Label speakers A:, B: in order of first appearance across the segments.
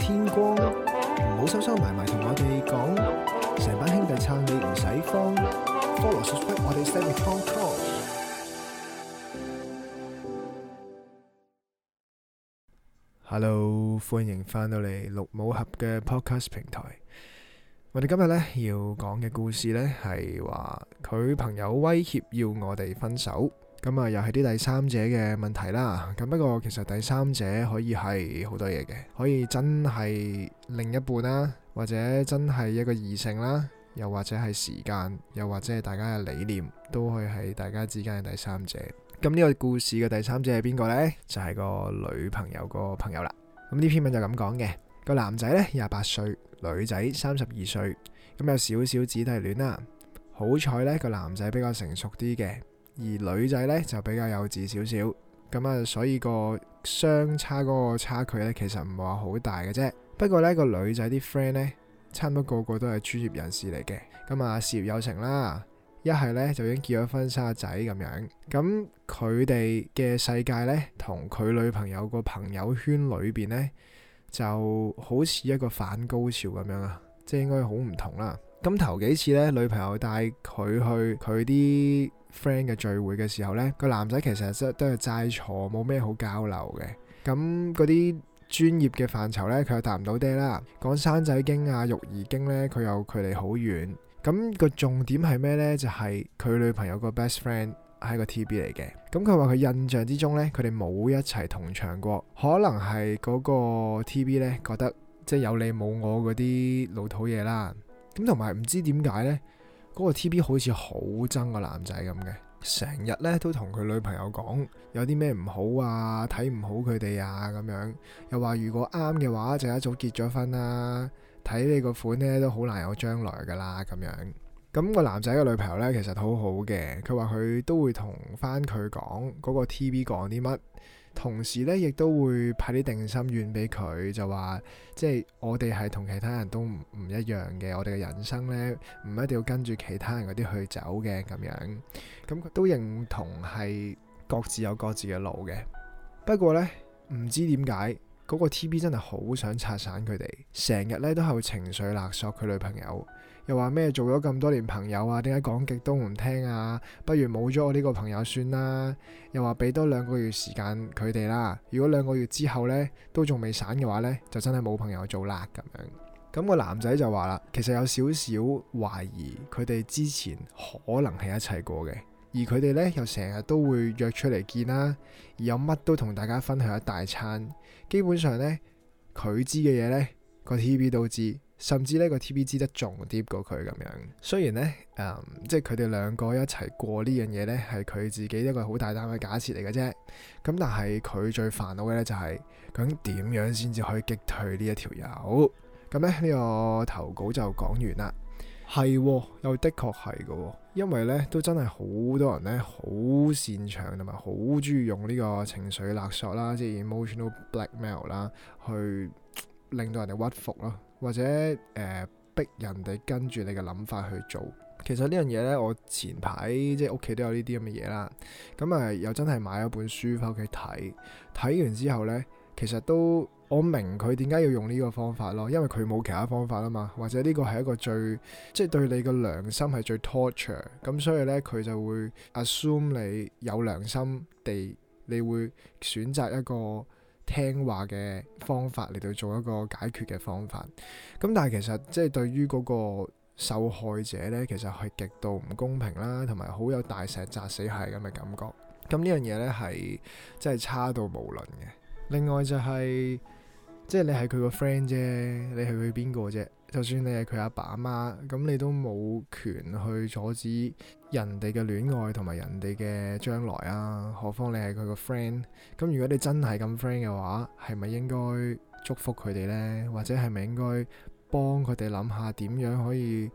A: 天光唔好收收埋埋，同我哋講，成班兄弟撐你唔使慌。Follow 我哋 set up podcast, Hello，歡迎翻到嚟綠帽俠嘅 podcast 平台。我哋今日呢要講嘅故事呢係話佢朋友威脅要我哋分手。咁啊，又係啲第三者嘅問題啦。咁不過其實第三者可以係好多嘢嘅，可以真係另一半啦，或者真係一個異性啦，又或者係時間，又或者係大家嘅理念，都可以係大家之間嘅第三者。咁呢個故事嘅第三者係邊個呢？就係、是、個女朋友個朋友啦。咁呢篇文就咁講嘅。個男仔呢，廿八歲，女仔三十二歲，咁有少少姊弟戀啦。好彩呢個男仔比較成熟啲嘅。而女仔咧就比較幼稚少少，咁啊，所以個相差嗰個差距咧，其實唔話好大嘅啫。不過咧，個女仔啲 friend 咧，差唔多個個都係專業人士嚟嘅，咁啊，事業有成啦，一係咧就已經結咗婚生咗仔咁樣，咁佢哋嘅世界咧，同佢女朋友個朋友圈裏邊咧，就好似一個反高潮咁樣啊！即係應該好唔同啦。咁頭幾次咧，女朋友帶佢去佢啲 friend 嘅聚會嘅時候咧，個男仔其實都係齋坐，冇咩好交流嘅。咁嗰啲專業嘅範疇咧，佢又搭唔到爹啦。講生仔經啊、育兒經咧，佢又距離好遠。咁、那個重點係咩咧？就係、是、佢女朋友個 best friend 係個 TB 嚟嘅。咁佢話佢印象之中咧，佢哋冇一齊同場過。可能係嗰個 TB 咧覺得。即係有你冇我嗰啲老土嘢啦，咁同埋唔知點解呢，嗰個 TV 好似好憎個男仔咁嘅，成日呢都同佢女朋友講有啲咩唔好啊，睇唔好佢哋啊咁樣，又話如果啱嘅話就一早結咗婚啦，睇你個款呢，都好難有將來噶啦咁樣，咁個男仔嘅女朋友呢，其實好好嘅，佢話佢都會同翻佢講嗰個 TV 講啲乜。同時咧，亦都會派啲定心丸俾佢，就話即係我哋係同其他人都唔唔一樣嘅，我哋嘅人生咧，唔一定要跟住其他人嗰啲去走嘅咁樣，咁佢都認同係各自有各自嘅路嘅。不過咧，唔知點解。嗰個 TB 真係好想拆散佢哋，成日咧都係會情緒勒索佢女朋友，又話咩做咗咁多年朋友啊，點解講極都唔聽啊？不如冇咗我呢個朋友算啦，又話俾多兩個月時間佢哋啦。如果兩個月之後呢都仲未散嘅話呢，就真係冇朋友做啦咁樣。咁個男仔就話啦，其實有少少懷疑佢哋之前可能係一齊過嘅。而佢哋咧又成日都會約出嚟見啦，而有乜都同大家分享一大餐。基本上咧，佢知嘅嘢咧，個 TV 都知，甚至呢個 TV 知得仲 deep 過佢咁樣。雖然咧，誒、嗯，即係佢哋兩個一齊過呢樣嘢咧，係佢自己一個好大膽嘅假設嚟嘅啫。咁但係佢最煩惱嘅咧就係究竟點樣先至可以擊退呢一條友。咁咧呢個投稿就講完啦。係喎，又的確係㗎喎，因為咧都真係好多人咧好擅長同埋好中意用呢個情緒勒索啦，即係 emotional blackmail 啦，去令到人哋屈服咯，或者誒、呃、逼人哋跟住你嘅諗法去做。其實呢樣嘢咧，我前排即係屋企都有呢啲咁嘅嘢啦，咁啊又真係買咗本書翻屋企睇，睇完之後咧，其實都～我明佢點解要用呢個方法咯，因為佢冇其他方法啊嘛，或者呢個係一個最即係、就是、對你嘅良心係最 torture，咁所以呢，佢就會 assume 你有良心地，你會選擇一個聽話嘅方法嚟到做一個解決嘅方法。咁但係其實即係、就是、對於嗰個受害者呢，其實係極度唔公平啦，同埋好有大石砸死蟹咁嘅感覺。咁呢樣嘢呢，係真係差到無倫嘅。另外就係、是。即係你係佢個 friend 啫，你係佢邊個啫？就算你係佢阿爸阿媽，咁你都冇權去阻止人哋嘅戀愛同埋人哋嘅將來啊。何況你係佢個 friend，咁如果你真係咁 friend 嘅話，係咪應該祝福佢哋呢？或者係咪應該幫佢哋諗下點樣可以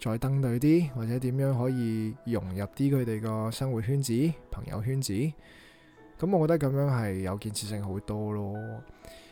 A: 再登對啲，或者點樣可以融入啲佢哋個生活圈子、朋友圈子？咁我覺得咁樣係有建設性好多咯。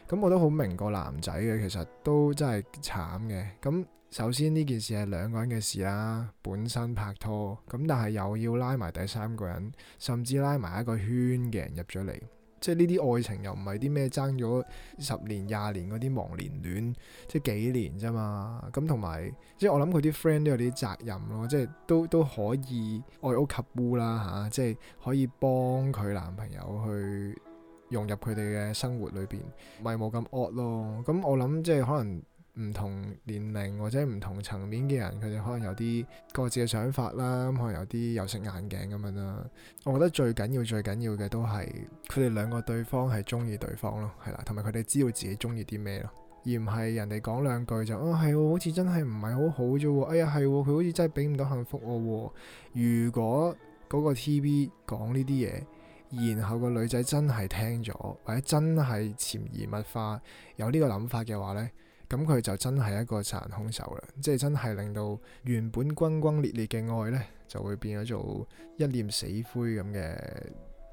A: 咁我都好明個男仔嘅，其實都真係慘嘅。咁首先呢件事係兩個人嘅事啦，本身拍拖，咁但係又要拉埋第三個人，甚至拉埋一個圈嘅人入咗嚟，即係呢啲愛情又唔係啲咩爭咗十年、廿年嗰啲忘年戀，即係幾年咋嘛？咁同埋即係我諗佢啲 friend 都有啲責任咯，即係都都可以愛屋及烏啦吓，即係可以幫佢男朋友去。融入佢哋嘅生活裏邊，咪冇咁惡咯。咁我諗即係可能唔同年齡或者唔同層面嘅人，佢哋可能有啲各自嘅想法啦。可能有啲有色眼鏡咁樣啦。我覺得最緊要、最緊要嘅都係佢哋兩個對方係中意對方咯，係啦，同埋佢哋知道自己中意啲咩咯，而唔係人哋講兩句就哦，係、啊，好似真係唔係好好啫喎。哎呀係，佢好似真係俾唔到幸福我喎。如果嗰個 TV 講呢啲嘢。然後個女仔真係聽咗，或者真係潛移默化有呢個諗法嘅話呢，咁佢就真係一個殺人兇手啦！即係真係令到原本轟轟烈烈嘅愛呢就會變咗做一念死灰咁嘅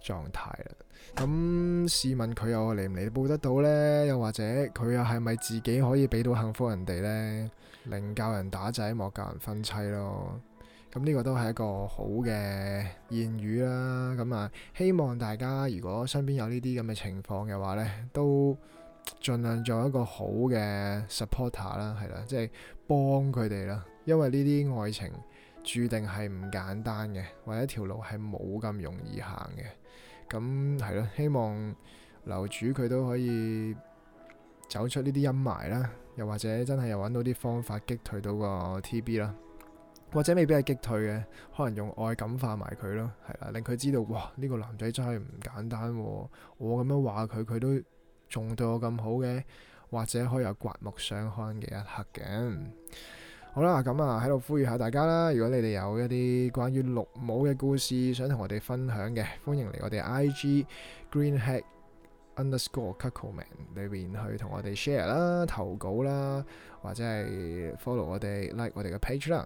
A: 狀態啦。咁試問佢又嚟唔嚟報得到呢？又或者佢又係咪自己可以俾到幸福人哋呢？寧教人打仔，莫教人分妻咯～咁呢個都係一個好嘅諺語啦。咁啊，希望大家如果身邊有呢啲咁嘅情況嘅話呢都盡量做一個好嘅 supporter 啦，係啦，即係幫佢哋啦。因為呢啲愛情注定係唔簡單嘅，或者條路係冇咁容易行嘅。咁係咯，希望樓主佢都可以走出呢啲陰霾啦，又或者真係又揾到啲方法擊退到個 TB 啦。或者未俾佢擊退嘅，可能用愛感化埋佢咯，係啦，令佢知道哇，呢個男仔真係唔簡單，啊。我咁樣話佢，佢都仲對我咁好嘅，或者可以有刮目相看嘅一刻嘅。好啦，咁啊，喺度呼籲下大家啦，如果你哋有一啲關於綠帽嘅故事想同我哋分享嘅，歡迎嚟我哋 IG green hat underscore cuckoldman 裏邊去同我哋 share 啦、投稿啦，或者係 follow 我哋、like 我哋嘅 page 啦。